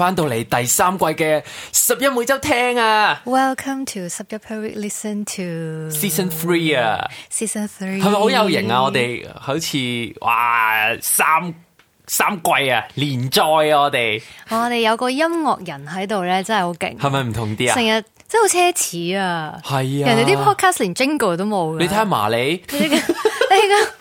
翻到嚟第三季嘅十一每周聽啊，Welcome to 十一 period listen to season three 啊，season three 係咪好有型啊？我哋好似哇三三季啊，連載啊！我哋我哋有個音樂人喺度咧，真係好勁，係咪唔同啲啊？成日真係好奢侈啊，係啊，人哋啲 podcast 連 jingle 都冇嘅，你睇下麻利。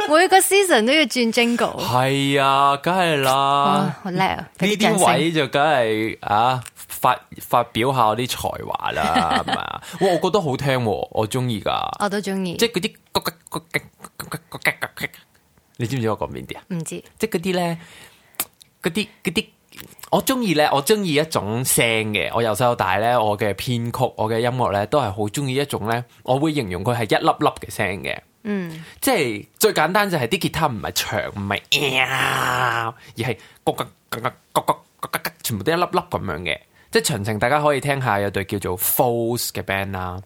每個 season 都要轉 j i n 係啊，梗係啦，好叻啊！呢啲位就梗係啊，發發表下我啲才華啦，係咪啊？哇，我覺得好聽，我中意噶，我都中意，即係嗰啲你知唔知我講邊啲啊？唔知，即係嗰啲咧，嗰啲啲，我中意咧，我中意一種聲嘅，我由細到大咧，我嘅編曲，我嘅音樂咧，都係好中意一種咧，我會形容佢係一粒粒嘅聲嘅。嗯，即係最簡單就係啲吉他唔係長唔係，而係嗰個嗰全部都一粒粒咁樣嘅。即係詳情，大家可以聽下有隊叫做 Falls 嘅 band 啦。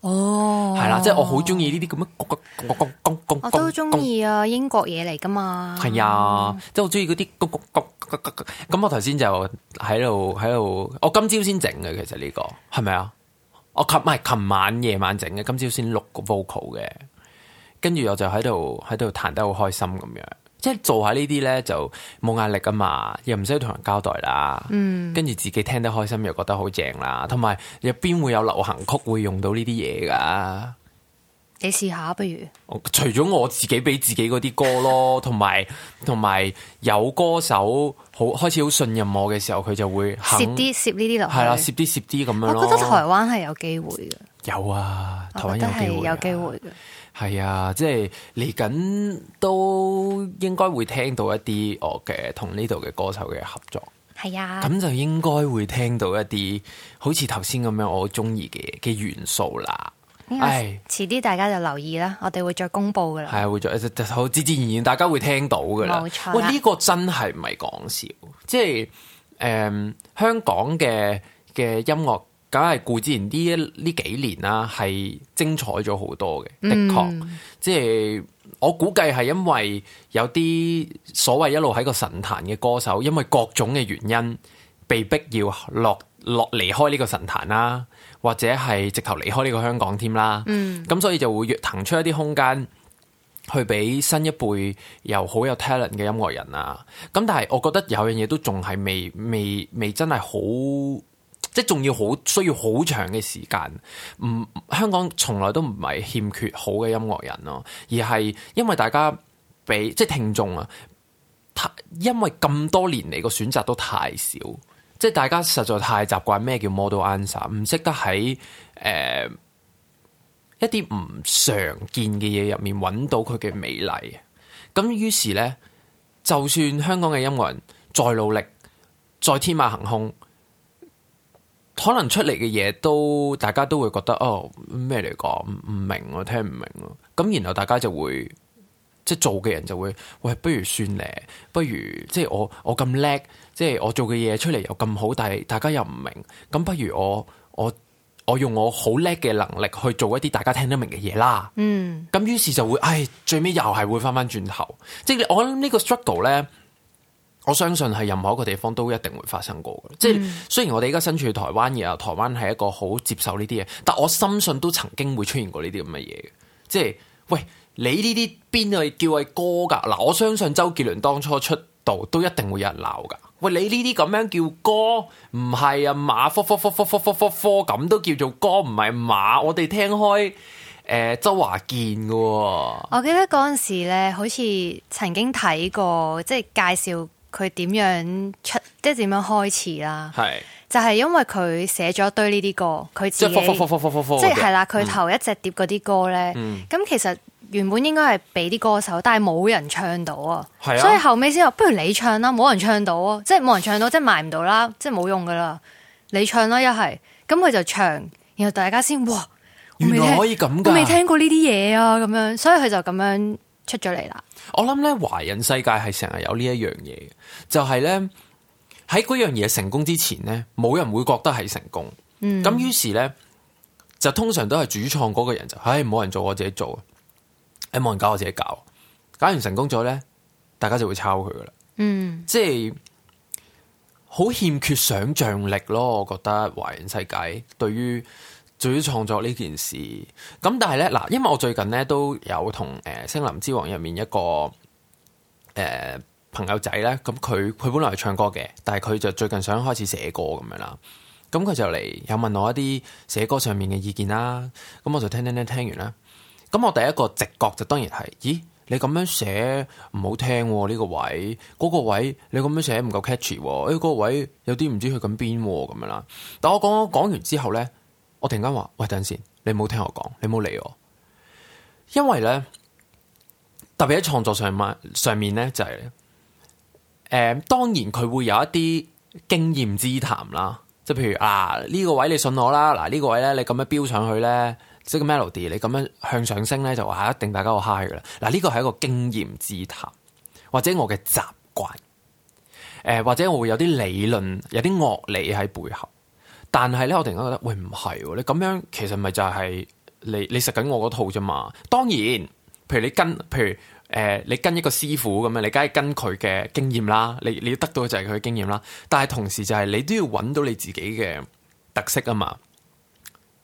哦，係啦，即係我好中意呢啲咁樣，我都中意啊，英國嘢嚟噶嘛？係啊，即係我中意嗰啲嗰。咁我頭先就喺度喺度，我今朝先整嘅，其實呢個係咪啊？我琴係琴晚夜晚整嘅，今朝先錄個 vocal 嘅。跟住我就喺度喺度彈得好開心咁樣，即係做下呢啲咧就冇壓力㗎嘛，又唔使同人交代啦。嗯，跟住自己聽得開心又覺得好正啦，同埋入邊會有流行曲會用到呢啲嘢噶。你試下不如？除咗我自己俾自己嗰啲歌咯，同埋同埋有歌手好開始好信任我嘅時候，佢就會攝啲攝呢啲落，係啦攝啲攝啲咁樣咯。我覺得台灣係有機會嘅，有啊，台灣係有機會嘅。係啊，即係嚟緊都應該會聽到一啲我嘅同呢度嘅歌手嘅合作。係啊，咁就應該會聽到一啲好似頭先咁樣我中意嘅嘅元素啦。應該唉，遲啲大家就留意啦，我哋會再公布噶啦。係啊，會再好自自然然，大家會聽到噶啦。冇錯，啊，呢、哦，這個真係唔係講笑，即係誒、嗯，香港嘅嘅音樂。梗係顧之然啲呢幾年啦、啊，係精彩咗好多嘅，的確，mm. 即係我估計係因為有啲所謂一路喺個神壇嘅歌手，因為各種嘅原因，被逼要落落離開呢個神壇啦、啊，或者係直頭離開呢個香港添、啊、啦，咁、mm. 所以就會騰出一啲空間去俾新一輩又好有,有 talent 嘅音樂人啊，咁但係我覺得有樣嘢都仲係未未未,未真係好。即仲要好需要好長嘅時間，唔，香港從來都唔係欠缺好嘅音樂人咯，而係因為大家俾即係聽眾啊，太因為咁多年嚟個選擇都太少，即係大家實在太習慣咩叫 model answer，唔識得喺誒、呃、一啲唔常見嘅嘢入面揾到佢嘅美麗。咁於是咧，就算香港嘅音樂人再努力，再天馬行空。可能出嚟嘅嘢都，大家都會覺得，哦，咩嚟講唔明，我聽唔明咯。咁然後大家就會即係做嘅人就會，喂，不如算咧，不如即係我我咁叻，即係我，我，我做嘅嘢出嚟又咁好，但係大家又唔明，咁不如我我我用我好叻嘅能力去做一啲大家聽得明嘅嘢啦。嗯，咁於是就會，唉、哎，最尾又係會翻翻轉頭，即係我諗呢個 struggle 咧。我相信係任何一個地方都一定會發生過嘅，即係雖然我哋而家身處台灣嘅，台灣係一個好接受呢啲嘢，但我深信都曾經會出現過呢啲咁嘅嘢嘅。即係喂，你呢啲邊係叫係歌噶？嗱，我相信周杰倫當初出道都一定會有人鬧噶。喂，你呢啲咁樣叫歌？唔係啊，馬科科科科科科科咁都叫做歌？唔係馬，我哋聽開誒、呃、周華健嘅、啊。我記得嗰陣時咧，好似曾經睇過即係介紹。佢點樣出即係點樣開始啦？係是就係因為佢寫咗一堆呢啲歌，佢即係是，即係啦。佢頭一隻碟嗰啲歌咧，咁、嗯、其實原本應該係俾啲歌手，但係冇人唱到啊，對呀 所以後尾先話不如你唱啦，冇人唱到，啊。」即係冇人唱到，即係賣唔到啦，即係冇用噶啦，你唱啦，一係咁佢就唱，然後大家先哇，原來可以咁，我未聽過呢啲嘢啊，咁樣，所以佢就咁樣。出咗嚟啦！我諗咧，華人世界係成日有呢一樣嘢，就係咧喺嗰樣嘢成功之前咧，冇人會覺得係成功。嗯、咁於是咧，就通常都係主創嗰個人就，唉，冇人做，我自己做，誒，冇人搞，我自己搞。搞完成功咗咧，大家就會抄佢噶啦。嗯，即係好欠缺想象力咯，我覺得華人世界對於。至於創作呢件事咁，但係咧嗱，因為我最近咧都有同誒《森、呃、林之王》入面一個誒、呃、朋友仔咧，咁佢佢本來係唱歌嘅，但係佢就最近想開始寫歌咁樣啦。咁佢就嚟有問我一啲寫歌上面嘅意見啦。咁我就聽聽聽聽，聽完啦。咁我第一個直覺就當然係，咦，你咁樣寫唔好聽呢、哦這個位，嗰、那個位你咁樣寫唔夠 catchy，誒、哦，那個位有啲唔知去緊邊咁樣啦。但我講講講完之後咧。我突然間話：喂，等陣先，你冇聽我講，你冇理我，因為咧，特別喺創作上面，上面咧，就係、是，誒、呃，當然佢會有一啲經驗之談啦，即係譬如啊，呢、這個位你信我啦，嗱、啊、呢、這個位咧你咁樣飆上去咧，即係 melody，你咁樣向上升咧就話、啊、一定大家會 high 噶啦，嗱呢個係一個經驗之談，或者我嘅習慣，誒、呃、或者我會有啲理論，有啲樂理喺背後。但係咧，我突然間覺得，喂，唔係喎，你咁、啊、樣其實咪就係你你食緊我嗰套啫嘛。當然，譬如你跟譬如誒、呃，你跟一個師傅咁樣，你梗係跟佢嘅經驗啦。你你要得到嘅就係佢嘅經驗啦。但係同時就係你都要揾到你自己嘅特色啊嘛。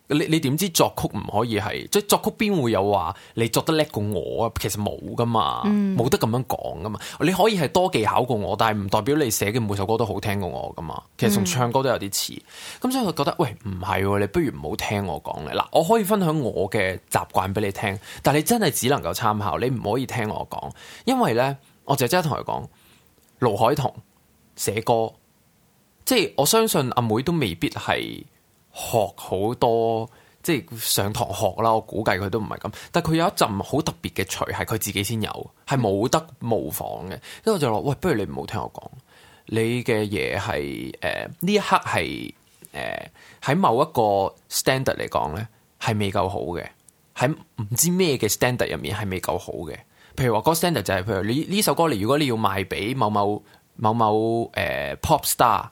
你你點知作曲唔可以係，即係作曲邊會有話你作得叻過我啊？其實冇噶嘛，冇、嗯、得咁樣講噶嘛。你可以係多技巧過我，但係唔代表你寫嘅每首歌都好聽過我噶嘛。其實從唱歌都有啲似。咁、嗯、所以我覺得喂唔係、啊，你不如唔好聽我講嘅嗱。我可以分享我嘅習慣俾你聽，但係你真係只能夠參考，你唔可以聽我講，因為咧，我就真係同佢講，盧凱彤寫歌，即係我相信阿妹都未必係。學好多，即係上堂學啦。我估計佢都唔係咁，但係佢有一陣好特別嘅才，係佢自己先有，係冇得模仿嘅。跟住我就話，喂，不如你唔好聽我講，你嘅嘢係誒呢一刻係誒喺某一個 standard 嚟講咧，係未夠好嘅。喺唔知咩嘅 standard 入面係未夠好嘅。譬如話嗰 standard 就係、是，譬如你呢首歌，你如果你要賣俾某某某某誒、呃、pop star。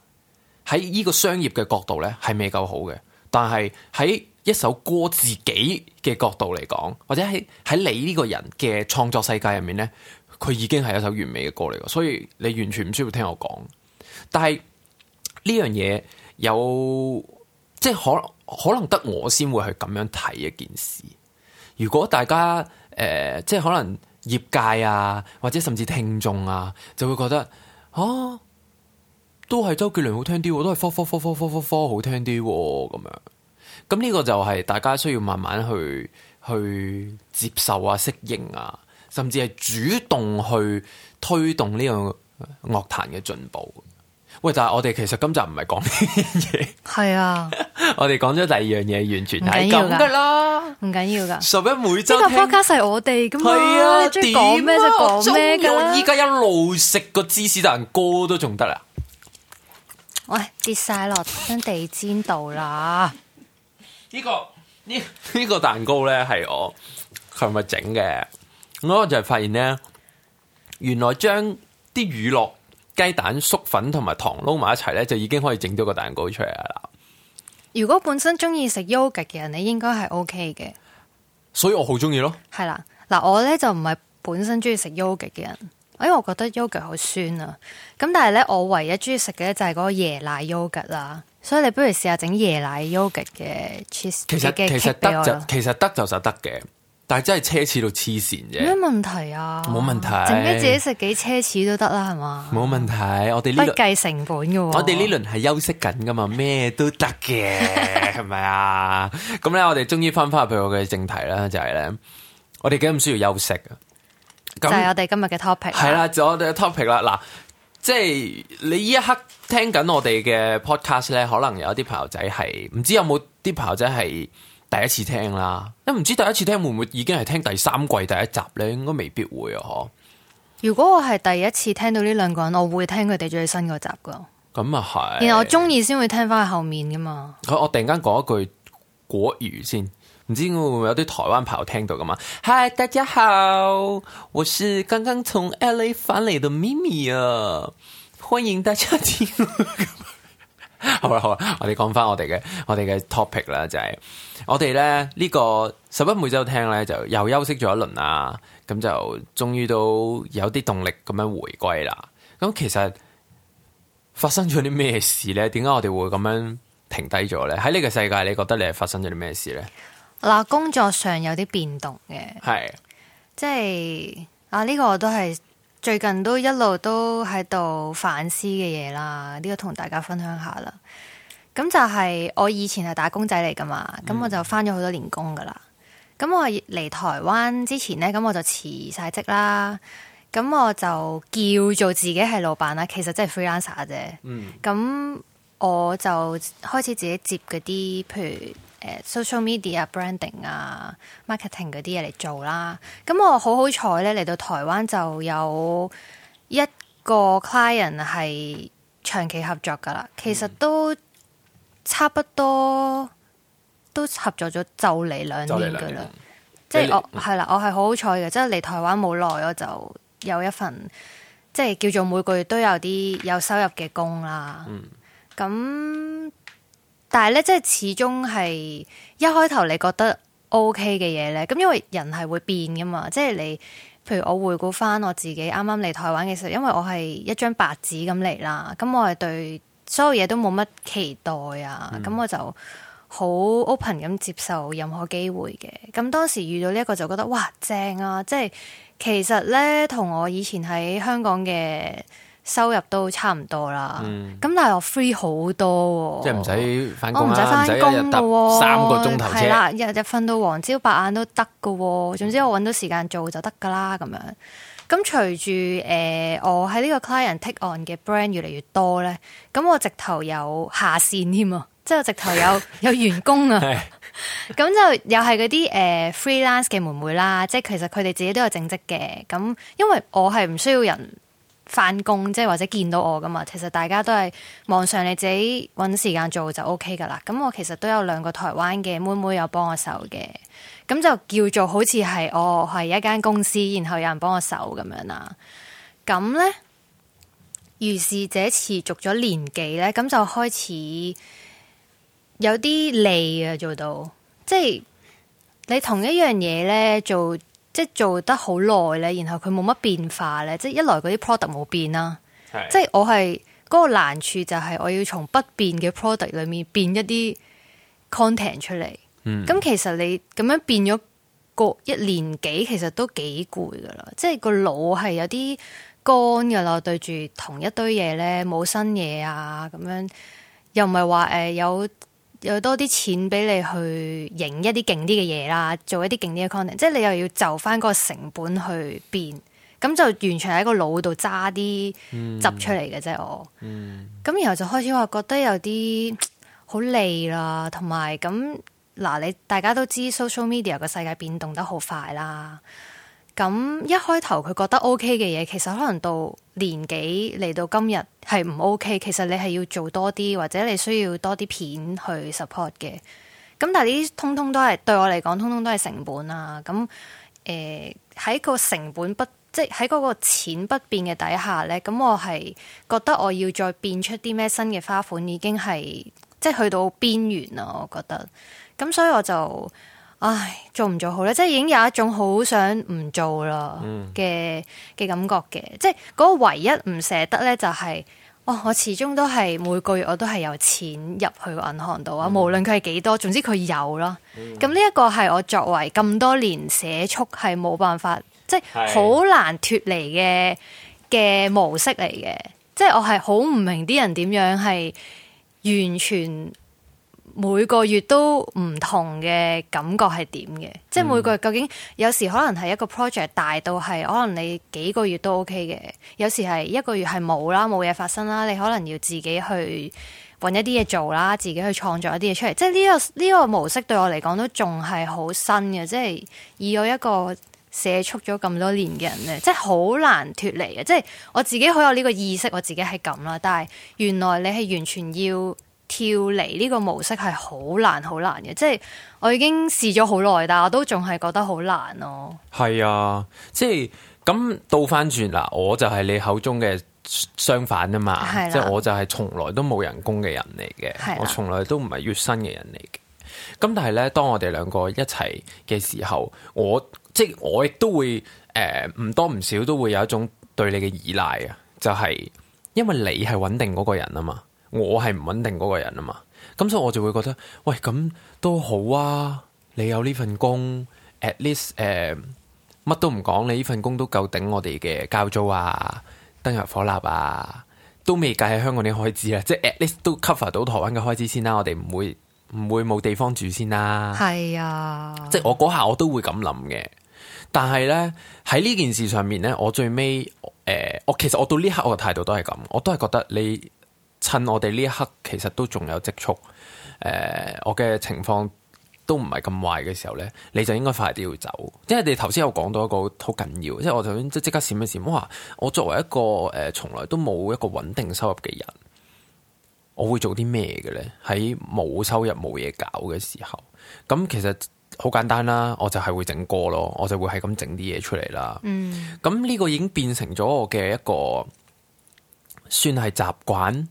喺呢個商業嘅角度咧，係未夠好嘅。但係喺一首歌自己嘅角度嚟講，或者喺喺你呢個人嘅創作世界入面咧，佢已經係一首完美嘅歌嚟嘅。所以你完全唔需要聽我講。但係呢樣嘢有即係可可能得我先會去咁樣睇一件事。如果大家誒、呃、即係可能業界啊，或者甚至聽眾啊，就會覺得哦。都係周杰倫好聽啲，都係科科科科科科好聽啲咁樣，咁呢個就係大家需要慢慢去去接受啊、適應啊，甚至係主動去推動呢個樂壇嘅進步。喂，但係我哋其實今集唔係講呢啲嘢，係啊， 我哋講咗第二樣嘢，完全係咁噶啦，唔緊要噶，要拾壹每周聽科家細我哋咁，係啊，你講咩就講咩噶啦，依家一路食個芝士蛋糕都仲得啦。喂，跌晒落張地氈度啦！呢個呢、呢個蛋糕咧係我今日整嘅，我就發現咧，原來將啲乳酪、雞蛋、粟粉同埋糖撈埋一齊咧，就已經可以整到個蛋糕出嚟啦。如果本身中意食 yogurt 嘅人，你應該係 O K 嘅。所以我好中意咯。係啦，嗱，我咧就唔係本身中意食 yogurt 嘅人。哎，我覺得 yogurt 好酸啊！咁但係咧，我唯一中意食嘅就係嗰個椰奶 yogurt 啦。所以你不如試下整椰奶 yogurt 嘅 cheese 嘅其實其實得就其實得就實得嘅，但係真係奢侈到黐線啫。咩問題啊？冇問題，整咩自己食幾奢侈都得啦，係嘛？冇問題，我哋呢輪唔計成本噶。我哋呢輪係休息緊噶嘛，咩都得嘅，係咪啊？咁咧，我哋終於翻翻入去我嘅正題啦，就係咧，我哋幾咁需要休息啊？那就係我哋今日嘅 topic，係啦，就我哋嘅 topic 啦。嗱，即係你呢一刻聽緊我哋嘅 podcast 咧，可能有啲朋友仔係，唔知有冇啲朋友仔係第一次聽啦。因唔知第一次聽會唔會已經係聽第三季第一集咧，應該未必會啊。嗬！如果我係第一次聽到呢兩個人，我會聽佢哋最新嗰集噶。咁啊係，然後我中意先會聽翻去後面噶嘛。我我突然間講一句國語先。唔知會唔會有啲台灣朋友聽到噶嘛？Hi，大家好，我是剛剛從 LA 返嚟的咪咪啊！歡迎大家 好啦好啦，我哋講翻我哋嘅我哋嘅 topic 啦，就係、是、我哋咧呢、這個十一每週聽咧就又休息咗一輪啊，咁就終於都有啲動力咁樣回歸啦。咁其實發生咗啲咩事咧？點解我哋會咁樣停低咗咧？喺呢個世界，你覺得你係發生咗啲咩事咧？嗱，工作上有啲變動嘅，是即係啊呢、呢個我都係最近都一路都喺度反思嘅嘢啦，呢、呢個同大家分享下啦。咁就係、是、我以前係打工仔嚟噶嘛，咁我就返咗好多年工噶啦。咁、嗯、我嚟台灣之前呢，咁我就辭晒職啦。咁我就叫做自己係老闆啦，其實真係 freelancer 啫。嗯，咁我就開始自己接嗰啲，譬如 social media branding 啊 marketing 嗰啲嘢嚟做啦，咁我好好彩咧，嚟到台灣就有一個 client 係長期合作噶啦，其實都差不多都合作咗就嚟兩年噶啦，即係我係你啦，我係好好彩嘅，即係嚟台灣冇耐我就有一份即係叫做每個月都有啲有收入嘅工啦，咁、嗯。但係咧，即係始終係一開頭你覺得 OK 嘅嘢咧，咁因為人係會變噶嘛，即係你，譬如我回顧翻我自己啱啱嚟台灣嘅時候，因為我係一張白紙咁嚟啦，咁我係對所有嘢都冇乜期待啊，咁、嗯、我就好 open 咁接受任何機會嘅，咁當時遇到呢一個就覺得哇正啊，即係其實咧同我以前喺香港嘅。收入都差唔多啦，咁、嗯、但係我 free 好多、啊，即係唔使翻工，唔使翻工嘅，三個鐘頭啫，係啦，日日瞓到黃朝白晏都得嘅、啊，總之我揾到時間做就得噶啦，咁樣。咁隨住誒我喺呢個 client take on 嘅 brand 越嚟越多咧，咁我直頭有下線添啊，即係我直頭有 有員工啊，咁 就又係嗰啲誒、呃、freelance 嘅妹妹啦，即係其實佢哋自己都有正職嘅，咁因為我係唔需要人。翻工即係或者見到我噶嘛？其實大家都係網上，你自己揾時間做就 OK 噶啦。咁我其實都有兩個台灣嘅妹妹有幫我手嘅，咁就叫做好似係我係一間公司，然後有人幫我手咁樣啦。咁咧，如是者持續咗年幾咧，咁就開始有啲累啊做到，即係你同一樣嘢咧做。即係做得好耐咧，然後佢冇乜變化咧，即係一來嗰啲 product 冇變啦，是的 即係我係嗰個難處就係我要從不變嘅 product 裏面變一啲 content 出嚟。咁、嗯、其實你咁樣變咗個一年幾，其實都幾攰噶啦。即係個腦係有啲乾噶啦，對住同一堆嘢咧，冇新嘢啊咁樣，又唔係話誒有。有多啲錢俾你去影一啲勁啲嘅嘢啦，做一啲勁啲嘅 content，即係你又要就翻嗰個成本去變，咁就完全喺個腦度揸啲執出嚟嘅啫。我、嗯，咁、嗯、然後就開始話覺得有啲好膩啦，同埋咁嗱，你大家都知 social media 個世界變動得好快啦。咁一開頭佢覺得 OK 嘅嘢，其實可能到年紀嚟到今日係唔 OK。其實你係要做多啲，或者你需要多啲片去 support 嘅。咁但係呢啲通通都係對我嚟講，通通都係成本啊。咁誒喺個成本不即係喺嗰個錢不變嘅底下咧，咁我係覺得我要再變出啲咩新嘅花款，已經係即係去到邊緣啦。我覺得咁，所以我就。唉，做唔做好咧？即係已經有一種好想唔做啦嘅嘅感覺嘅，即係嗰個唯一唔捨得咧、就是，就係哇！我始終都係每個月我都係有錢入去銀行度啊，嗯、無論佢係幾多，總之佢有咯。咁呢一個係我作為咁多年社畜係冇辦法，是即係好難脫離嘅嘅模式嚟嘅。即係我係好唔明啲人點樣係完全。每個月都唔同嘅感覺係點嘅？嗯、即係每個月究竟有時可能係一個 project 大到係可能你幾個月都 OK 嘅，有時係一個月係冇啦，冇嘢發生啦，你可能要自己去揾一啲嘢做啦，自己去創作一啲嘢出嚟。即係呢個呢個模式對我嚟講都仲係好新嘅，即係以我一個社畜咗咁多年嘅人咧，即係好難脫離嘅。即係我自己好有呢個意識，我自己係咁啦。但係原來你係完全要。跳離呢個模式係好難，好難嘅。即係我已經試咗好耐，但係我都仲係覺得好難咯、哦。係啊，即係咁倒翻轉啦，我就係你口中嘅相反啊嘛。啊即係我就係從來都冇人工嘅人嚟嘅，啊、我從來都唔係月薪嘅人嚟嘅。咁但係呢，當我哋兩個一齊嘅時候，我即係我亦都會誒唔、呃、多唔少都會有一種對你嘅依賴啊，就係、是、因為你係穩定嗰個人啊嘛。我係唔穩定嗰個人啊嘛，咁所以我就會覺得，喂，咁都好啊。你有呢份工，at least 誒，乜、呃、都唔講，你呢份工都夠頂我哋嘅交租啊，燈油火蠟啊，都未計喺香港啲開支啊，即係 at least 都 cover 到台灣嘅開支先啦。我哋唔會唔會冇地方住先啦。係是啊，即係我嗰下我都會咁諗嘅。但係呢，喺呢件事上面呢，我最尾誒，我、呃、其實我到呢刻我嘅態度都係咁，我都係覺得你。趁我哋呢一刻，其實都仲有積蓄，誒、呃，我嘅情況都唔係咁壞嘅時候咧，你就應該快啲要走。因為你頭先有講到一個好緊要，即係我頭先即即刻閃一閃。哇！我作為一個誒、呃、從來都冇一個穩定收入嘅人，我會做啲咩嘅咧？喺冇收入冇嘢搞嘅時候，咁其實好簡單啦，我就係會整歌咯，我就會係咁整啲嘢出嚟啦。嗯，咁呢個已經變成咗我嘅一個算係習慣。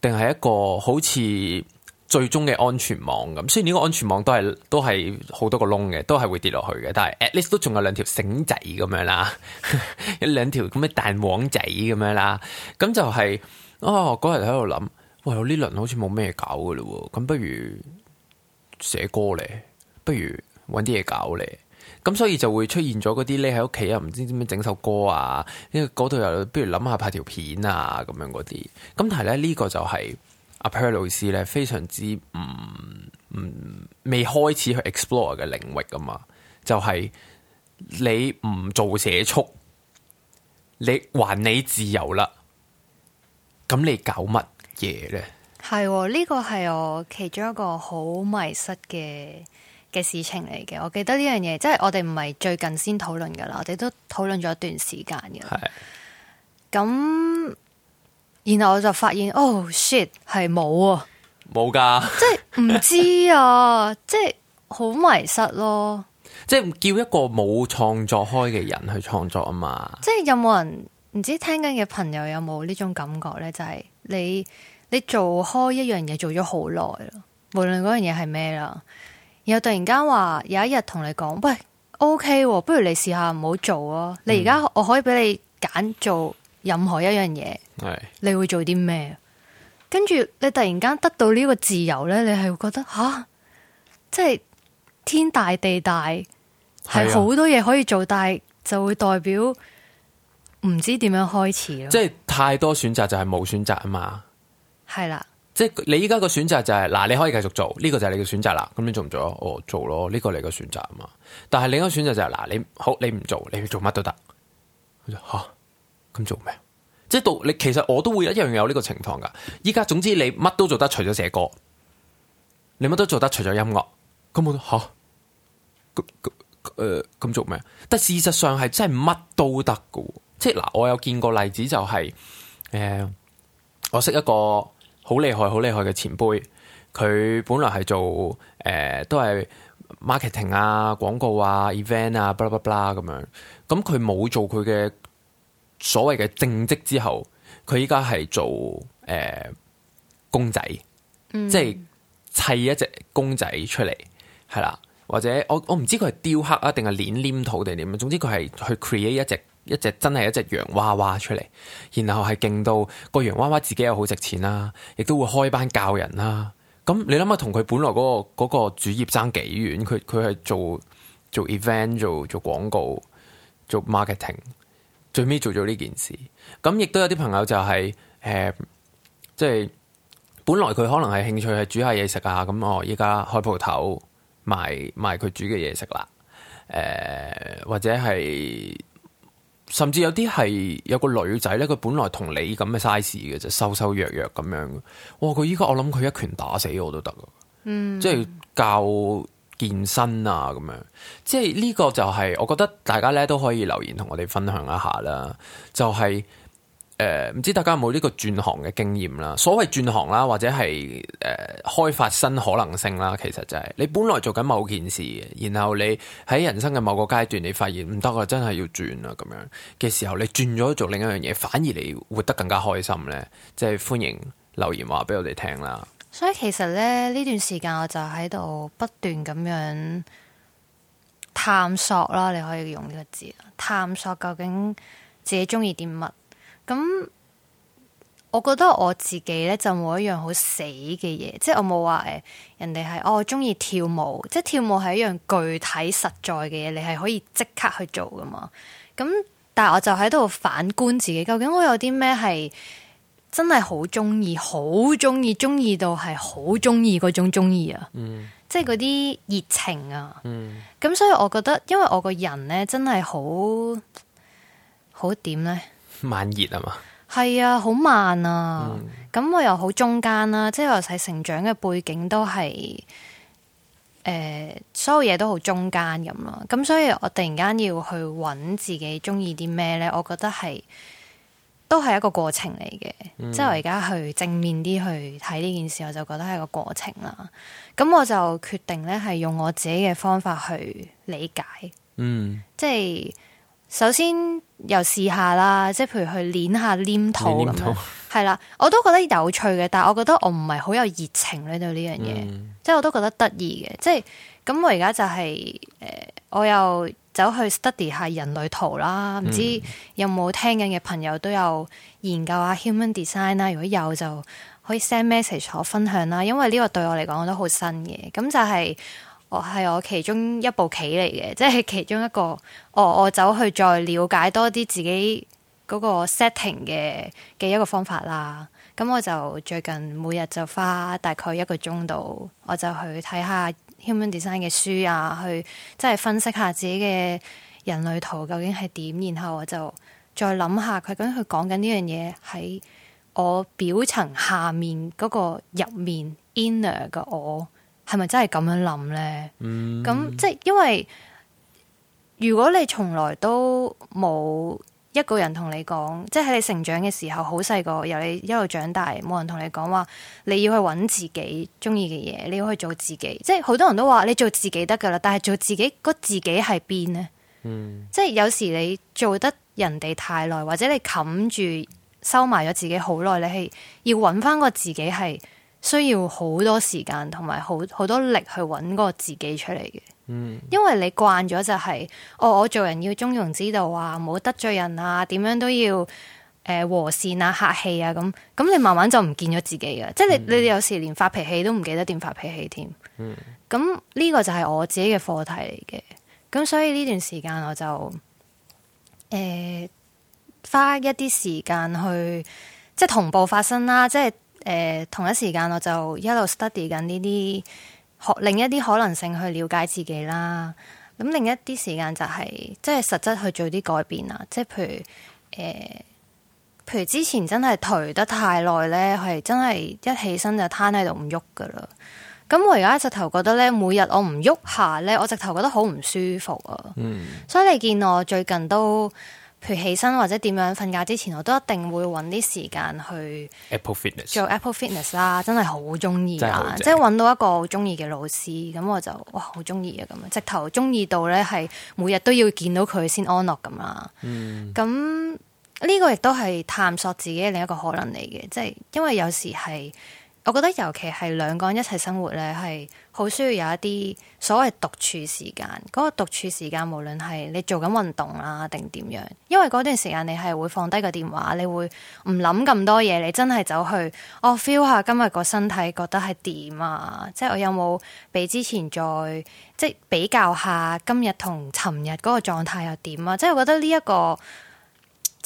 定係一個好似最終嘅安全網咁，雖然呢個安全網都係都係好多個窿嘅，都係會跌落去嘅，但係 at least 都仲有兩條繩仔咁樣啦， 有兩條咁嘅彈簧仔咁樣啦。咁就係哦嗰日喺度諗，哇，我呢輪好似冇咩搞噶咯，咁不如寫歌咧，不如搵啲嘢搞咧。咁所以就會出現咗嗰啲匿喺屋企啊，唔知點樣整首歌啊，因度又不如諗下拍條片啊，咁樣嗰啲。咁但係咧呢、呢個就係阿 Per 老師咧非常之唔唔未開始去 explore 嘅領域㗎嘛，就係、是、你唔做社畜，你還你自由啦。咁你搞乜嘢咧？係呢個係我其中一個好迷失嘅。嘅事情嚟嘅，我記得呢樣嘢，即係我哋唔係最近先討論噶啦，我哋都討論咗一段時間嘅。咁是的 然後我就發現，哦、oh, shit，係冇啊，冇噶，即係唔知啊， 即係好迷失咯。即係叫一個冇創作開嘅人去創作啊嘛。即係有冇人唔知聽緊嘅朋友有冇呢種感覺呢？就係、是、你你做開一樣嘢做咗好耐啦，無論嗰樣嘢係咩啦。又突然間話有一日同你講，喂，OK，不如你試下唔好做咯。嗯，你而家我可以俾你揀做任何一樣嘢，是的 你會做啲咩？跟住你突然間得到呢個自由呢，你係會覺得吓，即係天大地大，係好多嘢可以做，但係就會代表唔知點樣開始咯。即係太多選擇就係冇選擇啊嘛。係啦。即係你依家個選擇就係、是、嗱，你可以繼續做呢、這個就係你嘅選擇啦。咁你做唔做啊？我、哦、做咯，呢、這個你嘅選擇啊嘛。但係另一個選擇就係、是、嗱，你好，你唔做，你去做乜都得。佢就吓，咁做咩？即係到你其實我都會一樣有呢個情況噶。依家總之你乜都做得，除咗寫歌，你乜都做得除，除咗音樂。咁我吓咁咁誒咁做咩？但事實上係真係乜都得噶。即係嗱，我有見過例子就係、是、誒、呃，我識一個。好厲害、好厲害嘅前輩，佢本來係做誒、呃，都係 marketing 啊、廣告啊、event 啊，巴啦巴啦，咁樣。咁佢冇做佢嘅所謂嘅正職之後，佢依家係做誒、呃、公仔，即係砌一隻公仔出嚟，係啦，或者我我唔知佢係雕刻啊，定係黏黏土定點樣，總之佢係去 create 一隻。一隻真係一隻洋娃娃出嚟，然後係勁到個洋娃娃自己又好值錢啦、啊，亦都會開班教人啦、啊。咁你諗下，同佢本來嗰、那個那個主業爭幾遠？佢佢係做做 event 做、做做廣告、做 marketing，最尾做咗呢件事。咁亦都有啲朋友就係、是、誒，即、呃、係、就是、本來佢可能係興趣係煮下嘢食啊，咁我依家開鋪頭賣賣佢煮嘅嘢食啦。誒、呃、或者係。甚至有啲係有個女仔咧，佢本來同你咁嘅 size 嘅就瘦瘦弱弱咁樣。哇！佢依家，我諗佢一拳打死我都得啊！嗯、即係教健身啊咁樣，即係呢個就係、是、我覺得大家咧都可以留言同我哋分享一下啦，就係、是。誒，唔知大家有冇呢個轉行嘅經驗啦？所謂轉行啦，或者係誒開發新可能性啦，其實就係你本來做緊某件事，然後你喺人生嘅某個階段，你發現唔得啊，真係要轉啦，咁樣嘅時候，你轉咗做另一樣嘢，反而你活得更加開心呢。即係歡迎留言話俾我哋聽啦。所以其實呢呢段時間，我就喺度不斷咁樣探索啦，你可以用呢個字探索究竟自己中意啲乜。咁，我覺得我自己咧就冇一樣好死嘅嘢，即係我冇話誒，人哋係哦中意跳舞，即係跳舞係一樣具體實在嘅嘢，你係可以即刻去做噶嘛。咁但係我就喺度反觀自己，究竟我有啲咩係真係好中意，好中意，中意到係好中意嗰種中意啊？嗯，即係嗰啲熱情啊。嗯，咁所以我覺得，因為我個人咧真係好好點咧？慢熱啊嘛，係啊，好慢啊。咁、嗯、我又好中間啦，即係話係成長嘅背景都係，誒、呃，所有嘢都好中間咁咯。咁所以我突然間要去揾自己中意啲咩咧，我覺得係都係一個過程嚟嘅。嗯、即係我而家去正面啲去睇呢件事，我就覺得係個過程啦。咁我就決定咧，係用我自己嘅方法去理解。嗯即，即係首先。又試下啦，即係譬如去捏下黏土咁樣，係啦，我都覺得有趣嘅。但係我覺得我唔係好有熱情呢度呢樣嘢，嗯、即係我都覺得得意嘅。即係咁，我而家就係、是、誒、呃，我又走去 study 下人類圖啦。唔知有冇聽緊嘅朋友都有研究下 human design 啦。如果有就可以 send message 同我分享啦。因為呢個對我嚟講我都好新嘅，咁就係、是。我係、哦、我其中一步棋嚟嘅，即係其中一個我、哦、我走去再了解多啲自己嗰個 setting 嘅嘅一個方法啦。咁、嗯、我就最近每日就花大概一個鐘度，我就去睇下 human design 嘅書啊，去即係分析下自己嘅人類圖究竟係點，然後我就再諗下佢究竟佢講緊呢樣嘢喺我表層下面嗰個入面 inner 嘅我。係咪真係咁樣諗呢？咁、嗯、即係因為如果你從來都冇一個人同你講，即係喺你成長嘅時候，好細個由你一路長大，冇人同你講話，你要去揾自己中意嘅嘢，你要去做自己。即係好多人都話你做自己得噶啦，但係做自己個自己係邊呢？嗯、即係有時你做得人哋太耐，或者你冚住收埋咗自己好耐，你係要揾翻個自己係。需要好多時間同埋好好多力去揾個自己出嚟嘅，嗯，因為你慣咗就係、是，哦，我做人要中庸之道啊，唔好得罪人啊，點樣都要誒、呃、和善啊，客氣啊，咁咁你慢慢就唔見咗自己嘅，嗯、即係你你有時連發脾氣都唔記得點發脾氣添，嗯，咁呢個就係我自己嘅課題嚟嘅，咁所以呢段時間我就誒、呃、花一啲時間去即係同步發生啦，即係。誒、呃、同一時間我就一路 study 緊呢啲學另一啲可能性去了解自己啦。咁另一啲時間就係、是、即係實質去做啲改變啦。即係譬如誒、呃，譬如之前真係頹得太耐咧，係真係一起身就攤喺度唔喐㗎喇。咁我而家直頭覺得咧，每日我唔喐下咧，我直頭覺得好唔舒服啊。嗯、所以你見我最近都。譬如起身或者點樣瞓覺之前，我都一定會揾啲時間去做 Apple Fitness 啦，真係好中意啊！即係揾到一個好中意嘅老師，咁我就哇好中意啊！咁直頭中意到呢，係每日都要見到佢先安樂咁啦。咁呢、嗯呢個亦都係探索自己另一個可能嚟嘅，即係因為有時係。我覺得尤其係兩個人一齊生活咧，係好需要有一啲所謂獨處時間。嗰個獨處時間，無論係你做緊運動啊，定點樣，因為嗰段時間你係會放低個電話，你會唔諗咁多嘢，你真係走去哦，我 feel 下今日個身體覺得係點啊？即係我有冇比之前再即比較下今日同尋日嗰個狀態又點啊？即係我覺得呢一個。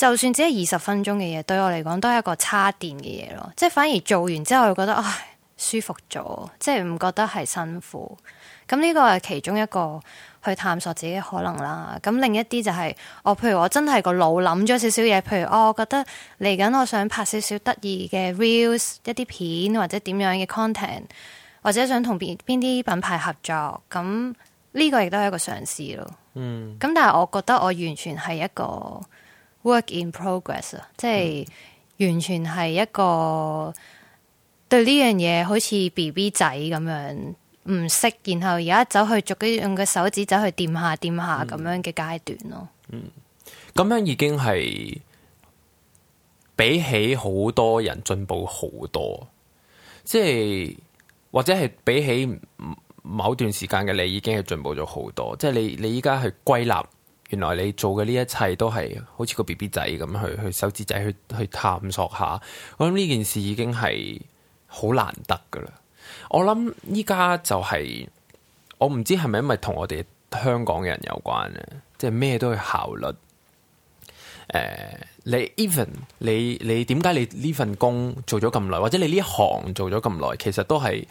就算只係二十分鐘嘅嘢，對我嚟講都係一個差電嘅嘢咯，即係反而做完之後，我覺得唉，舒服咗，即係唔覺得係辛苦。咁呢個係其中一個去探索自己嘅可能啦。咁另一啲就係、是、我，譬如我真係個腦諗咗少少嘢，譬如、哦、我覺得嚟緊我想拍少少得意嘅 reels 一啲 re 片或者點樣嘅 content，或者想同邊邊啲品牌合作。咁呢個亦都係一個嘗試咯。嗯。咁但係我覺得我完全係一個。work in progress 啊，即係完全係一個對呢樣嘢好似 B B 仔咁樣唔識，然後而家走去逐啲用個手指走去掂下掂下咁樣嘅階段咯。嗯，咁樣已經係比起好多人進步好多，即係或者係比起某段時間嘅你已經係進步咗好多，即係你你依家去歸納。原來你做嘅呢一切都係好似個 B B 仔咁去去手指仔去去探索下，我諗呢件事已經係好難得噶啦。我諗依家就係、是、我唔知係咪因為同我哋香港嘅人有關咧，即係咩都係效率。誒、呃，你 even 你你點解你呢份工做咗咁耐，或者你呢行做咗咁耐，其實都係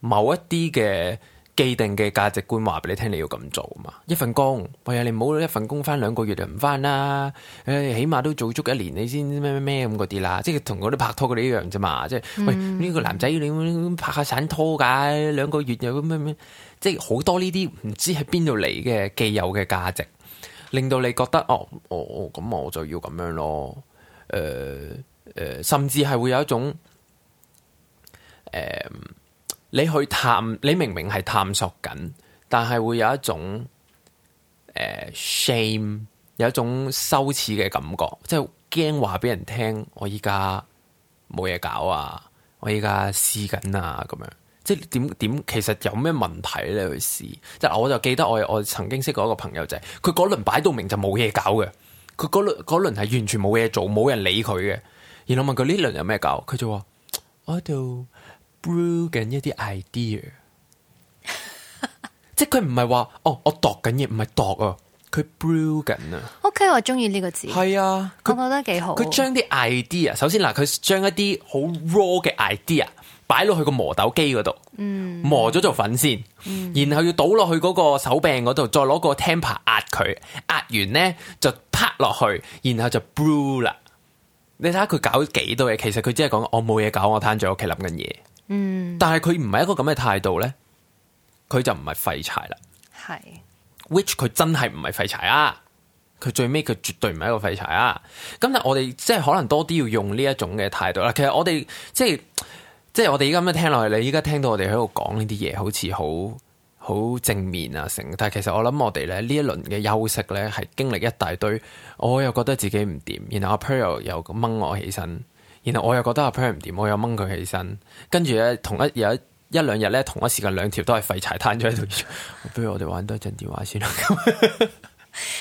某一啲嘅。既定嘅價值觀話俾你聽，你要咁做嘛？一份工，喂、哎、呀，你唔好一份工返兩個月就唔返啦，誒、哎，起碼都做足一年你先咩咩咩咁嗰啲啦，即係同嗰啲拍拖嗰啲一樣啫嘛，即係喂呢個男仔你拍下散拖㗎，兩個月又咩咩，即係好多呢啲唔知係邊度嚟嘅既有嘅價值，令到你覺得哦，我、哦、咁、哦、我就要咁樣咯，誒、呃、誒、呃，甚至係會有一種誒、呃你去探，你明明係探索緊，但係會有一種誒、呃、shame，有一種羞恥嘅感覺，即係驚話俾人聽，我依家冇嘢搞啊，我依家試緊啊，咁樣，即係點點，其實有咩問題咧去試？即係我就記得我我曾經識過一個朋友就係，佢嗰輪擺到明就冇嘢搞嘅，佢嗰輪嗰輪係完全冇嘢做，冇人理佢嘅。然後問佢呢輪有咩搞，佢就話我喺度。brew 緊一啲 idea，即係佢唔係話哦，我度緊嘢，唔係度啊，佢 brew 緊啊。OK，我中意呢個字，係啊，佢覺得幾好。佢將啲 idea，首先嗱，佢將一啲好 raw 嘅 idea 擺落去個磨豆機嗰度，磨咗做粉先，然後要倒落去嗰個手柄嗰度，再攞個 temper 壓佢，壓完咧就拍落去，然後就 brew 啦。你睇下佢搞幾多嘢，其實佢只係講我冇嘢搞，我攤住喺屋企諗緊嘢。嗯是，但係佢唔係一個咁嘅態度咧，佢就唔係廢柴啦。係，which 佢真係唔係廢柴啊！佢最尾，佢絕對唔係一個廢柴啊！咁但我哋即係可能多啲要用呢一種嘅態度啦。其實我哋即係即係我哋依家咁樣聽落去，你依家聽到我哋喺度講呢啲嘢，好似好好正面啊成。但係其實我諗我哋咧呢一輪嘅休息咧係經歷一大堆，我又覺得自己唔掂，然後阿 Pearl 又掹我起身。然後我又覺得阿 Pray 唔掂，我又掹佢起身，跟住咧同一有一,一兩日咧同一時間兩條都係廢柴攤咗喺度。不如我哋玩多一陣電話先啦。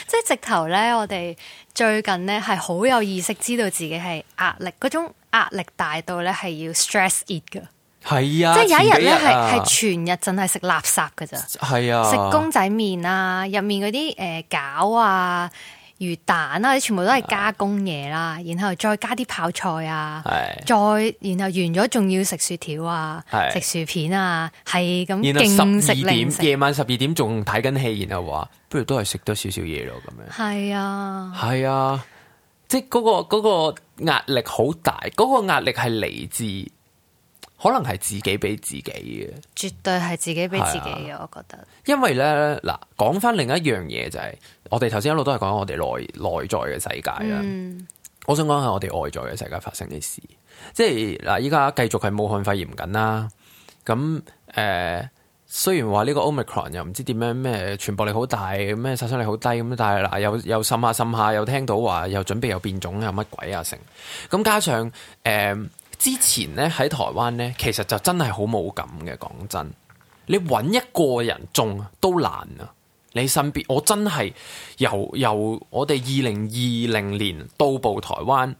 即係直頭咧，我哋最近咧係好有意識知道自己係壓力，嗰種壓力大到咧係要 stress it 噶。係啊，即係有一呢日咧係係全日淨係食垃圾噶咋。係啊，食公仔麵啊，入面嗰啲誒餃啊。魚蛋啦，啲全部都係加工嘢啦，是的 然後再加啲泡菜啊，是的 再然後完咗仲要食薯條啊，食是的 薯片啊，係咁進食零食。夜晚十二點仲睇緊戲，然後話不如都係食多少少嘢咯咁樣。係啊，係啊，即係嗰個嗰個壓力好大，嗰個壓力係嚟自。可能係自己俾自己嘅，絕對係自己俾自己嘅，啊、我覺得。因為咧嗱，講翻另一樣嘢就係、是，我哋頭先一路都係講我哋內內在嘅世界啦。嗯、我想講下我哋外在嘅世界發生嘅事，即係嗱，依家繼續係武漢肺炎緊啦。咁誒、呃，雖然話呢個 Omicron 又唔知點樣咩傳播力好大，咩殺傷力好低咁，但係嗱、呃、又又滲下滲下，又聽到話又準備有變種，有乜鬼啊成？咁加上誒。呃之前咧喺台灣咧，其實就真係好冇感嘅。講真，你搵一個人中都難啊！你身邊我真係由由我哋二零二零年到步台灣，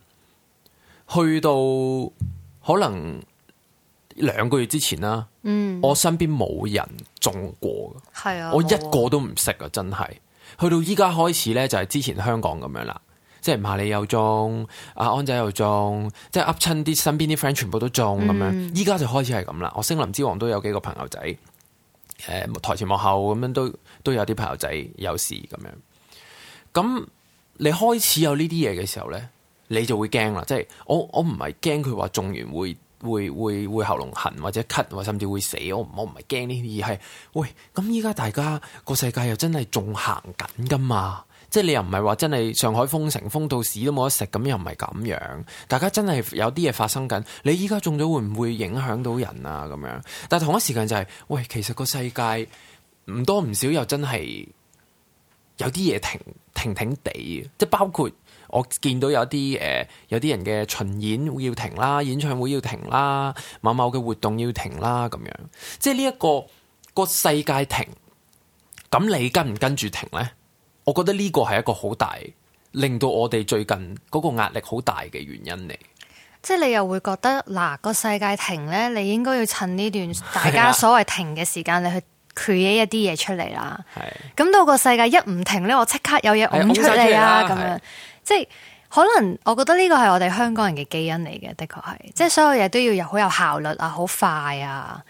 去到可能兩個月之前啦。嗯，我身邊冇人中過，係啊、嗯，我一個都唔識啊！真係去到依家開始咧，就係之前香港咁樣啦。即係唔怕你又中，阿安仔又中，即係噏親啲身邊啲 friend 全部都中咁樣，依家、嗯、就開始係咁啦。我升林之王都有幾個朋友仔，誒、呃，台前幕後咁樣都都有啲朋友仔有事咁樣。咁你開始有呢啲嘢嘅時候咧，你就會驚啦。即係我我唔係驚佢話中完會會會會喉嚨痕，或者咳，或甚至會死。我我唔係驚呢啲，而係喂，咁依家大家個世界又真係仲行緊噶嘛。即係你又唔係話真係上海封城封到屎都冇得食咁，又唔係咁樣。大家真係有啲嘢發生緊。你依家中咗會唔會影響到人啊？咁樣。但係同一時間就係、是，喂，其實個世界唔多唔少又真係有啲嘢停停停地，即係包括我見到有啲誒、呃，有啲人嘅巡演會要停啦，演唱會要停啦，某某嘅活動要停啦，咁樣。即係呢一個、那個世界停，咁你跟唔跟住停咧？我覺得呢個係一個好大，令到我哋最近嗰個壓力好大嘅原因嚟。即係你又會覺得嗱，個世界停咧，你應該要趁呢段大家所謂停嘅時間，你去 create 一啲嘢出嚟啦。係咁的到個世界一唔停咧，我即刻有嘢湧出嚟啊！咁樣，的即係可能，我覺得呢個係我哋香港人嘅基因嚟嘅，的確係，即係所有嘢都要有好有效率啊，好快啊，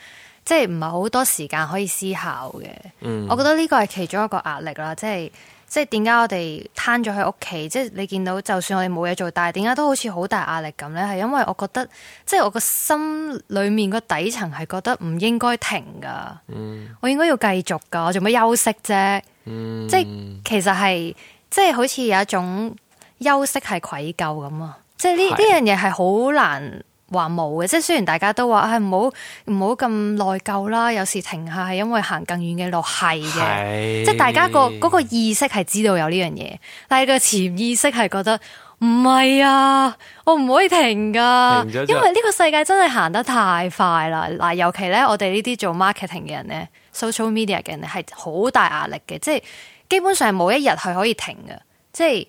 即係唔係好多時間可以思考嘅。嗯，我覺得呢個係其中一個壓力啦，即係。即係點解我哋攤咗喺屋企？即係你見到，就算我哋冇嘢做，但係點解都好似好大壓力咁咧？係因為我覺得，即係我個心裏面個底層係覺得唔應該停噶、嗯，我應該要繼續噶，我做乜休息啫、嗯？即係其實係，即係好似有一種休息係愧疚咁啊！即係呢呢樣嘢係好難。話冇嘅，即係雖然大家都話，係唔好唔好咁內疚啦。有時停下係因為行更遠嘅路係嘅，即係大家個嗰個意識係知道有呢樣嘢，但係個潛意識係覺得唔係啊，我唔可以停噶，停著著因為呢個世界真係行得太快啦。嗱，尤其咧，我哋呢啲做 marketing 嘅人咧，social media 嘅人咧，係好大壓力嘅，即係基本上冇一日係可以停嘅，即係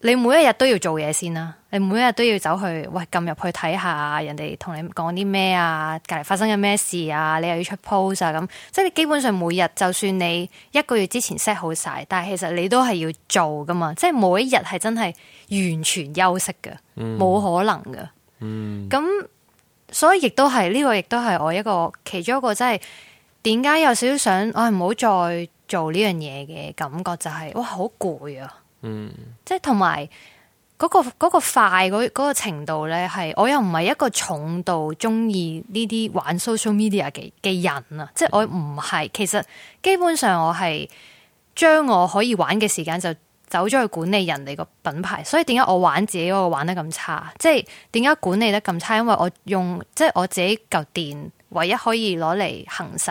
你每一日都要做嘢先啦。你每日都要走去喂，撳入去睇下人哋同你講啲咩啊，隔籬發生咗咩事啊，你又要出 post 啊，咁即係你基本上每日，就算你一個月之前 set 好晒，但係其實你都係要做噶嘛，即係每一日係真係完全休息嘅，冇、嗯、可能噶。嗯，咁所以亦都係呢個，亦都係我一個其中一個、就是，真係點解有少少想，我唔好再做呢樣嘢嘅感覺、就是，就係哇好攰啊，嗯、即係同埋。嗰個嗰個快嗰個程度咧，係我又唔係一個重度鍾意呢啲玩 social media 嘅嘅人啊！即係我唔係，其實基本上我係將我可以玩嘅時間就走咗去管理人哋個品牌，所以點解我玩自己嗰個玩得咁差？即係點解管理得咁差？因為我用即係我自己嚿電，唯一可以攞嚟行使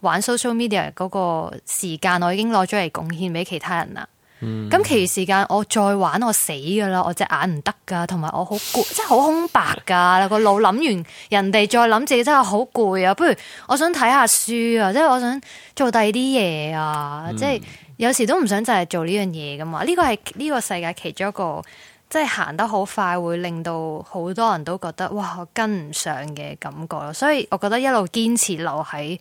玩 social media 嗰個時間，我已經攞咗嚟貢獻俾其他人啦。咁、嗯、其餘時間我再玩我死噶啦，我隻眼唔得噶，同埋我好攰，即係好空白噶。個腦諗完，人哋再諗自己，真係好攰啊！不如我想睇下書啊，即係我想做第啲嘢啊，嗯、即係有時都唔想就係做呢樣嘢噶嘛。呢、呢個係呢個世界其中一個，即係行得好快，會令到好多人都覺得哇，跟唔上嘅感覺。所以我覺得一路堅持留喺。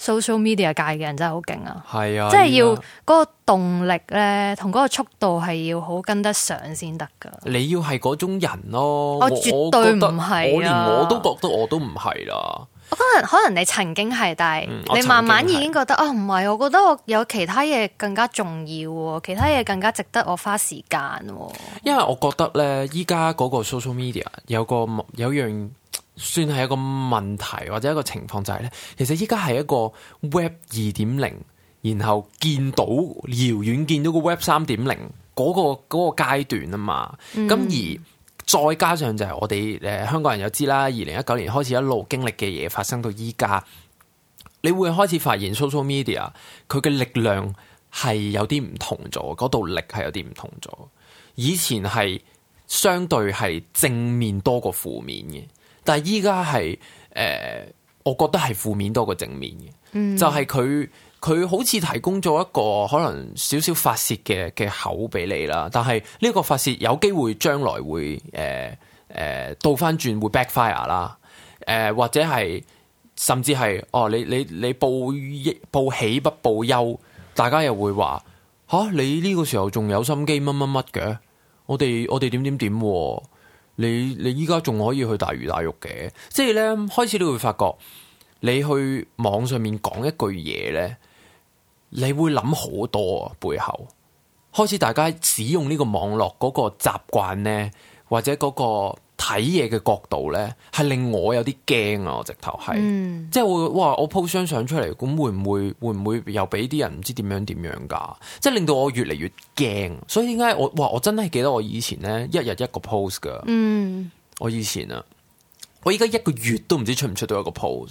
social media 界嘅人真係好勁啊！係啊，即係要嗰個動力咧，同嗰個速度係要好跟得上先得噶。你要係嗰種人咯，哦、我絕對唔係啊！我，我連我都覺得我都唔係啦。我可能可能你曾經係，但係、嗯、你慢慢已經覺得啊，唔係、哦，我覺得我有其他嘢更加重要，其他嘢更加值得我花時間。因為我覺得咧，依家嗰個 social media 有個有樣。算係一個問題或者一個情況，就係、是、咧。其實依家係一個 Web 二點零，然後見到遙遠見到個 Web 三點零、那、嗰個嗰、那個階段啊嘛。咁、嗯、而再加上就係我哋誒，香港人有知啦。二零一九年開始一路經歷嘅嘢，發生到依家，你會開始發現 social media 佢嘅力量係有啲唔同咗，嗰度力係有啲唔同咗。以前係相對係正面多過負面嘅。但係依家係誒，我覺得係負面多過正面嘅，嗯、就係佢佢好似提供咗一個可能少少發洩嘅嘅口俾你啦。但係呢個發洩有機會將來會誒誒、呃呃、倒翻轉會 backfire 啦、呃。誒或者係甚至係哦你你你報報喜不報憂，大家又會話吓、啊、你呢個時候仲有心機乜乜乜嘅？我哋我哋點點點？你你依家仲可以去大魚大肉嘅，即係咧開始你會發覺，你去網上面講一句嘢咧，你會諗好多啊背後。開始大家使用呢個網絡嗰個習慣咧，或者嗰個。睇嘢嘅角度咧，係令我有啲驚啊！嗯、我直頭係，即係會哇！我 post 張相出嚟，咁會唔會會唔會又俾啲人唔知點樣點樣㗎？即係令到我越嚟越驚。所以點解我哇？我真係記得我以前咧一日一個 post 㗎。嗯，我以前啊，我依家一個月都唔知出唔出到一個 post。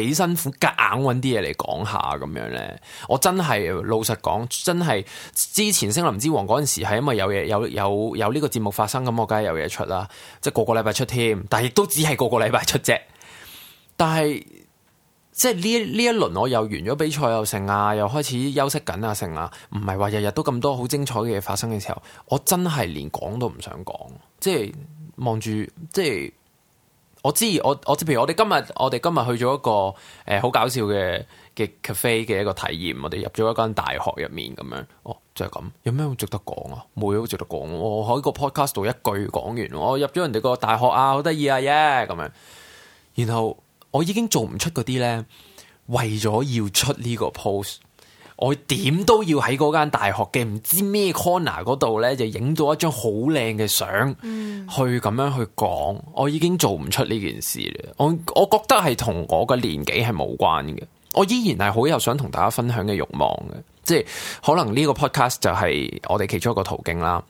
幾辛苦，夾硬揾啲嘢嚟講下咁樣呢，我真係老實講，真係之前《聲林之王》嗰陣時係因為有嘢有有有呢個節目發生咁，我梗係有嘢出啦，即係個個禮拜出添。但係亦都只係個個禮拜出啫。但係即係呢呢一輪我又完咗比賽又成啊，又開始休息緊啊，成啊，唔係話日日都咁多好精彩嘅嘢發生嘅時候，我真係連講都唔想講，即係望住即係。我知我我知，譬如我哋今日我哋今日去咗一個誒好、呃、搞笑嘅嘅 cafe 嘅一個體驗，我哋入咗一間大學入面咁，哦就係，樣，哦就係咁，有咩好值得講啊？冇嘢好值得講，我喺個 podcast 度一句講完，我，哦，入咗人哋個大學啊，好得意啊耶咁，yeah, 樣，然後我已經做唔出嗰啲咧，為咗要出呢個 post。我點都要喺嗰間大學嘅唔知咩 corner 嗰度咧，就影到一張好靚嘅相，嗯、去咁樣去講。我已經做唔出呢件事啦。我我覺得係同我嘅年紀係冇關嘅。我依然係好有想同大家分享嘅慾望嘅。即係可能呢個 podcast 就係我哋其中一個途徑啦。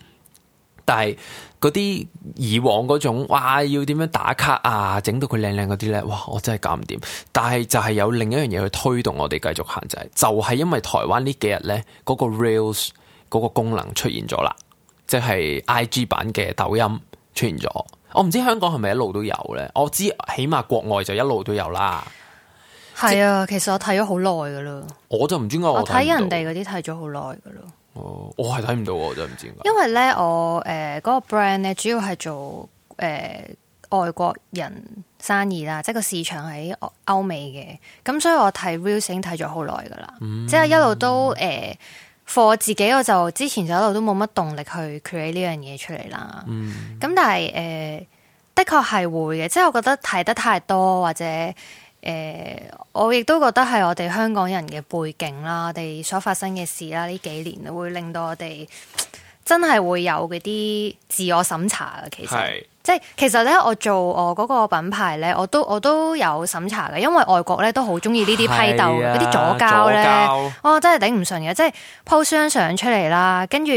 但係，嗰啲以往嗰種哇，要點樣打卡啊，整到佢靚靚嗰啲咧，哇！我真係搞唔掂。但係就係有另一樣嘢去推動我哋繼續限制，就係、是、因為台灣呢幾日咧嗰個 Reels 嗰個功能出現咗啦，即、就、係、是、IG 版嘅抖音出現咗。我唔知香港係咪一路都有咧？我知起碼國外就一路都有啦。係啊，即其實我睇咗好耐㗎喇，我就唔專愛我睇人哋嗰啲睇咗好耐㗎咯。哦，我係睇唔到，我就唔知點解。因為咧，我誒嗰個 brand 咧，主要係做誒、呃、外國人生意啦，即係個市場喺歐美嘅，咁所以我睇 Reels 睇咗好耐噶啦，嗯、即係一路都誒、呃、，for 我自己我就之前就一路都冇乜動力去 create 呢樣嘢出嚟啦。咁、嗯、但係誒、呃，的確係會嘅，即係我覺得睇得太多或者。誒、呃，我亦都覺得係我哋香港人嘅背景啦，我哋所發生嘅事啦，呢幾年會令到我哋真係會有嗰啲自我審查嘅，其實是即係其實咧，我做我嗰個品牌咧，我都我都有審查嘅，因為外國咧都好中意呢啲批鬥、嗰啲、啊、左交左膠咧，我膠、哦、真係頂唔順嘅，即係 po 張相出嚟啦，跟住。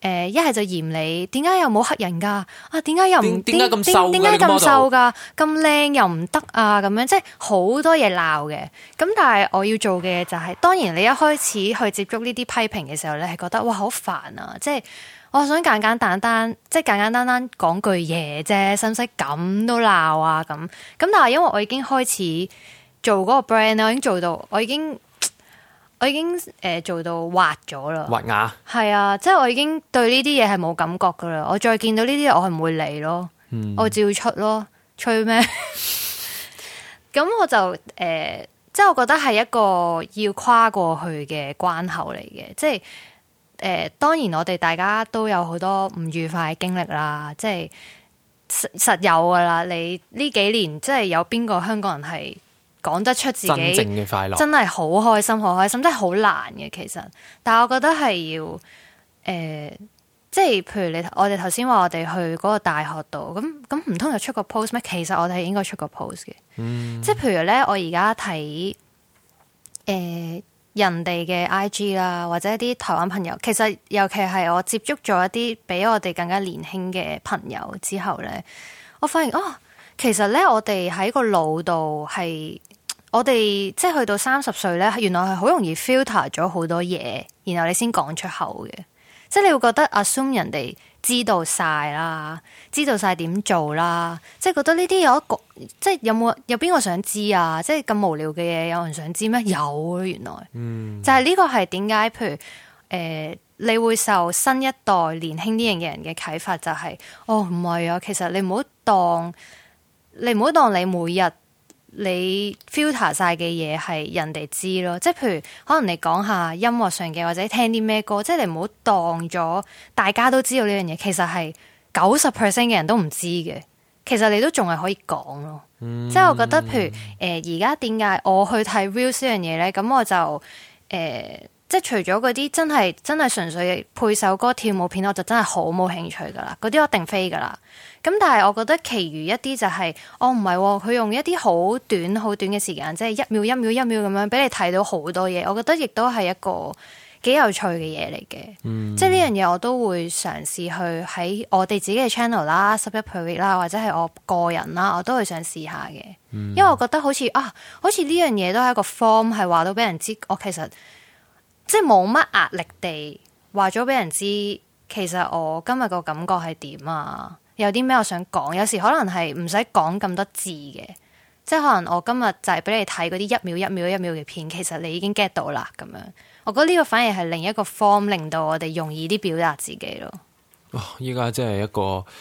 誒，一係就嫌你，點解又冇黑人噶？啊，點解又唔點點點點解咁瘦噶？咁靚又唔得啊？咁樣即係好多嘢鬧嘅。咁但係我要做嘅嘢就係、是，當然你一開始去接觸呢啲批評嘅時候咧，係覺得哇好煩啊！即係我想簡簡單單，即係簡簡單單講句嘢啫，使唔使咁都鬧啊？咁咁但係因為我已經開始做嗰個 brand 我已經做到，我已經。我已經誒做到滑咗啦，滑牙芽？係啊，即係我已經對呢啲嘢係冇感覺噶啦。我再見到呢啲嘢，我係唔會理咯，嗯、我照出咯，吹咩？咁 我就誒、呃，即係我覺得係一個要跨過去嘅關口嚟嘅。即係誒、呃，當然我哋大家都有好多唔愉快嘅經歷啦。即係實，實有噶啦，你呢幾年即係有邊個香港人係？講得出自己真正嘅快樂，真係好開心，好開心，真係好難嘅其實。但係我覺得係要，誒、呃，即係譬如你，我哋頭先話我哋去嗰個大學度，咁咁唔通又出個 post 咩？其實我哋應該出個 post 嘅。嗯、即係譬如咧，我而家睇，誒，人哋嘅 I G 啦，或者一啲台灣朋友，其實尤其係我接觸咗一啲比我哋更加年輕嘅朋友之後咧，我發現哦，其實咧我哋喺個腦度係。我哋即係去到三十歲咧，原來係好容易 filter 咗好多嘢，然後你先講出口嘅。即係你會覺得 assume 人哋知道晒啦，知道晒點做啦，即係覺得呢啲有一個，即係有冇有邊個想知啊？即係咁無聊嘅嘢，有人想知咩？有啊，原來，嗯，就係呢個係點解？譬如誒，呃，你會受新一代年輕啲人嘅人嘅啟發，就是，就係哦，唔係啊，其實你唔好當，你唔好當你每日。你 filter 晒嘅嘢係人哋知咯，即係譬如可能你講下音樂上嘅，或者聽啲咩歌，即係你唔好當咗大家都知道呢樣嘢，其實係九十 percent 嘅人都唔知嘅，其實你都仲係可以講咯。嗯、即係我覺得譬如誒而家點解我去睇 Reels 呢樣嘢咧？咁我就誒、呃、即係除咗嗰啲真係真係純粹配首歌跳舞片，我就真係好冇興趣噶啦，嗰啲我一定飛噶啦。咁，但係我覺得其餘一啲就係我唔係，佢、哦哦、用一啲好短、好短嘅時間，即係一秒、一秒、一秒咁樣，俾你睇到好多嘢。我覺得亦都係一個幾有趣嘅嘢嚟嘅，嗯、即係呢樣嘢我都會嘗試去喺我哋自己嘅 channel 啦、十一 p e 啦，或者係我個人啦，我都會想試下嘅。嗯、因為我覺得好似啊，好似呢樣嘢都係一個 form，係話到俾人知。我其實即係冇乜壓力地話咗俾人知，其實我今日個感覺係點啊？有啲咩我想講？有時可能係唔使講咁多字嘅，即係可能我今日就係俾你睇嗰啲一秒一秒一秒嘅片，其實你已經 get 到啦咁樣。我覺得呢個反而係另一個 form，令到我哋容易啲表達自己咯。哇！依家真係一個～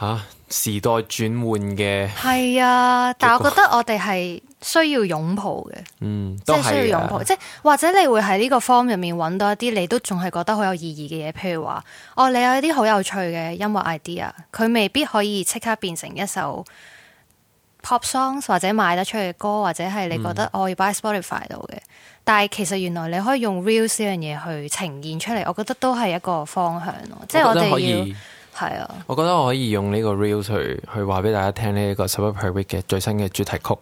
吓、啊、時代轉換嘅係啊，但係我覺得我哋係需要擁抱嘅，嗯，即係需要擁抱，啊、即係或者你會喺呢個 form 入面，揾到一啲你都仲係覺得好有意義嘅嘢，譬如話哦，你有一啲好有趣嘅音樂 idea，佢未必可以即刻變成一首 pop songs 或者賣得出嘅歌，或者係你覺得我、嗯哦、要擺 Spotify 度嘅，但係其實原來你可以用 real 呢樣嘢去呈現出嚟，我覺得都係一個方向咯，即係我哋要。係是啊，我覺得我可以用呢個 reels 去去話俾大家聽呢一個拾壹最新嘅主題曲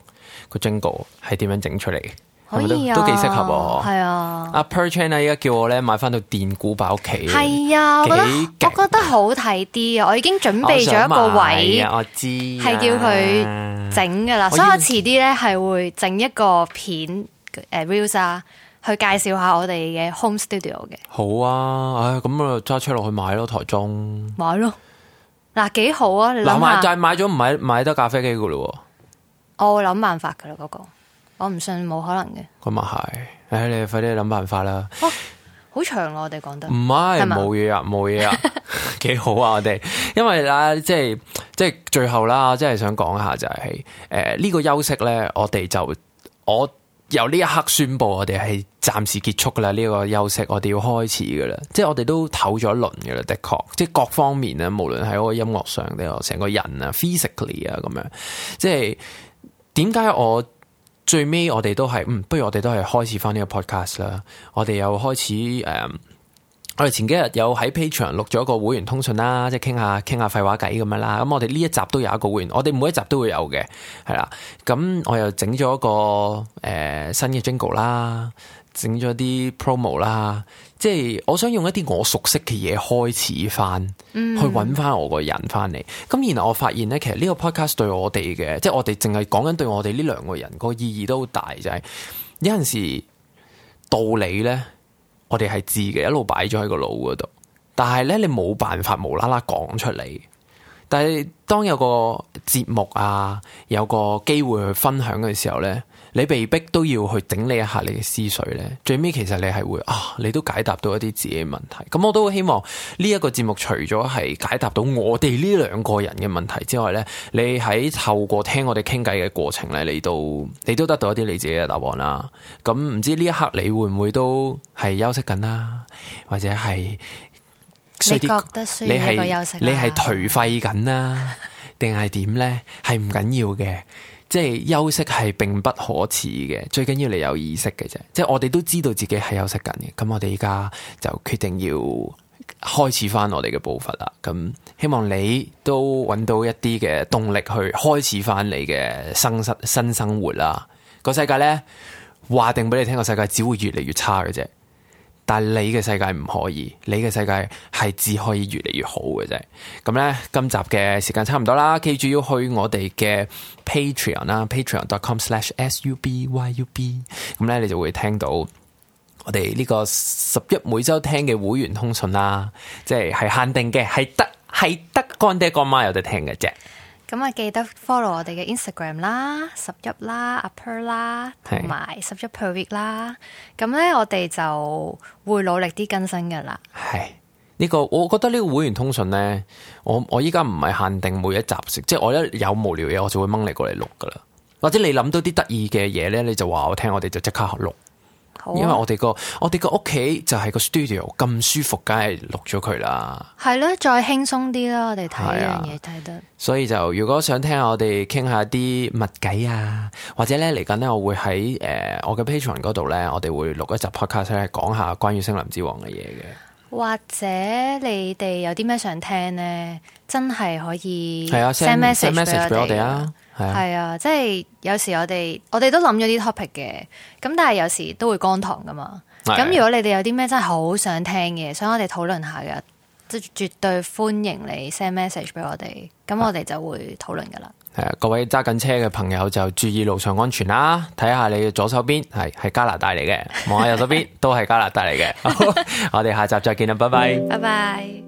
個 jingle 係點樣整出嚟嘅。可以是啊，都幾適合啊，係是啊，阿 Per Chan 咧依家叫我咧買翻套電鼓擺屋企，係啊，我覺得，厲我覺得好睇啲啊，我已經準備咗一個位我、啊，我知係、啊、叫佢整噶啦，要所以我遲啲咧係會整一個片誒、呃、reels 啊。去介紹下我哋嘅 home studio 嘅。好啊，唉，咁啊揸車落去買，買咯，台中買咯，嗱幾好啊，諗下，但係買咗唔、就是、買買得咖啡機噶咯。我會諗辦法噶啦，嗰個我唔信冇可能嘅。咁啊係，唉，你快啲諗辦法啦。好、哦、長啊，我哋講得唔係冇嘢啊，冇嘢啊，幾 好啊，我哋，因為啊，即係即係最後啦，即係想講下就係誒呢個休息咧，我哋就我就。我由呢一刻宣布，我哋係暫時結束噶啦，呢個休息我哋要開始噶啦，即係我哋都唞咗一輪噶啦，的確，即係各方面啊，無論喺嗰個音樂上，定係成個人啊，physically 啊，咁樣，即係點解我最尾我哋都係，嗯，不如我哋都係開始翻呢個 podcast 啦，我哋又開始誒。Um, 我哋前幾日有喺 Patreon 錄咗一個會員通訊啦，即係傾下傾下廢話偈咁樣啦。咁我哋呢一集都有一個會員，我哋每一集都會有嘅，係啦。咁我又整咗一個誒、呃、新嘅 Jingle 啦，整咗啲 promo 啦，即係我想用一啲我熟悉嘅嘢開始翻，mm. 去揾翻我個人翻嚟。咁然後我發現咧，其實呢個 Podcast 對我哋嘅，即係我哋淨係講緊對我哋呢兩個人個意義都好大，就係、是、有陣時道理咧。我哋係知嘅，一路擺咗喺個腦嗰度，但係咧你冇辦法無啦啦講出嚟。但係當有個節目啊，有個機會去分享嘅時候呢，你被逼都要去整理一下你嘅思緒呢，最尾其實你係會啊，你都解答到一啲自己嘅問題。咁、嗯、我都好希望呢一個節目除咗係解答到我哋呢兩個人嘅問題之外呢，你喺透過聽我哋傾偈嘅過程咧，你都你都得到一啲你自己嘅答案啦。咁、嗯、唔知呢一刻你會唔會都係休息緊啦，或者係？你覺得需要一個休息啊？你係頹廢緊啦，定係點呢？係唔緊要嘅，即係休息係並不可恥嘅。最緊要你有意識嘅啫。即係我哋都知道自己係休息緊嘅。咁我哋而家就決定要開始翻我哋嘅步伐啦。咁希望你都揾到一啲嘅動力去開始翻你嘅生生新生活啦。個世界呢，話定俾你聽，個世界只會越嚟越差嘅啫。但係你嘅世界唔可以，你嘅世界係只可以越嚟越好嘅啫。咁咧，今集嘅時間差唔多啦，記住要去我哋嘅 patreon 啦，patreon dot com slash subyub。咁咧，你就會聽到我哋呢個十一每周聽嘅會員通訊啦，即係係限定嘅，係得係得乾爹乾媽媽有得聽嘅啫。咁啊，記得 follow 我哋嘅 Instagram 啦、拾壹啦、upper 啦，同埋拾壹 per week 啦。咁咧，我哋就會努力啲更新嘅啦。係呢個，我覺得呢個會員通訊咧，我我依家唔係限定每一集食，即係我一有無聊嘢，我就會掹你過嚟錄噶啦。或者你諗到啲得意嘅嘢咧，你就話我聽，我哋就即刻錄。因為我哋個 我哋個屋企就係個 studio 咁舒服，梗係錄咗佢啦。係咯，再輕鬆啲啦，我哋睇呢樣嘢睇得。所以就如果想聽下我哋傾下啲物偈啊，或者咧嚟緊咧，我會喺誒我嘅 Patreon 嗰度咧，我哋會錄一集 podcast 咧，講下關於《聲林之王》嘅嘢嘅。或者你哋有啲咩想聽咧？真係可以係啊，send message 俾我哋啊！訊係啊，即係有時我哋我哋都諗咗啲 topic 嘅，咁但係有時都會乾塘噶嘛。咁的如果你哋有啲咩真係好想聽嘅，想我哋討論下嘅，即係絕對歡迎你 send message 俾我哋，咁我哋就會討論噶啦。係啊，各位揸緊車嘅朋友就注意路上安全啦，睇下你嘅左手邊係係加拿大嚟嘅，望下右手邊 都係加拿大嚟嘅。 我哋下集再見啦，拜拜，拜拜。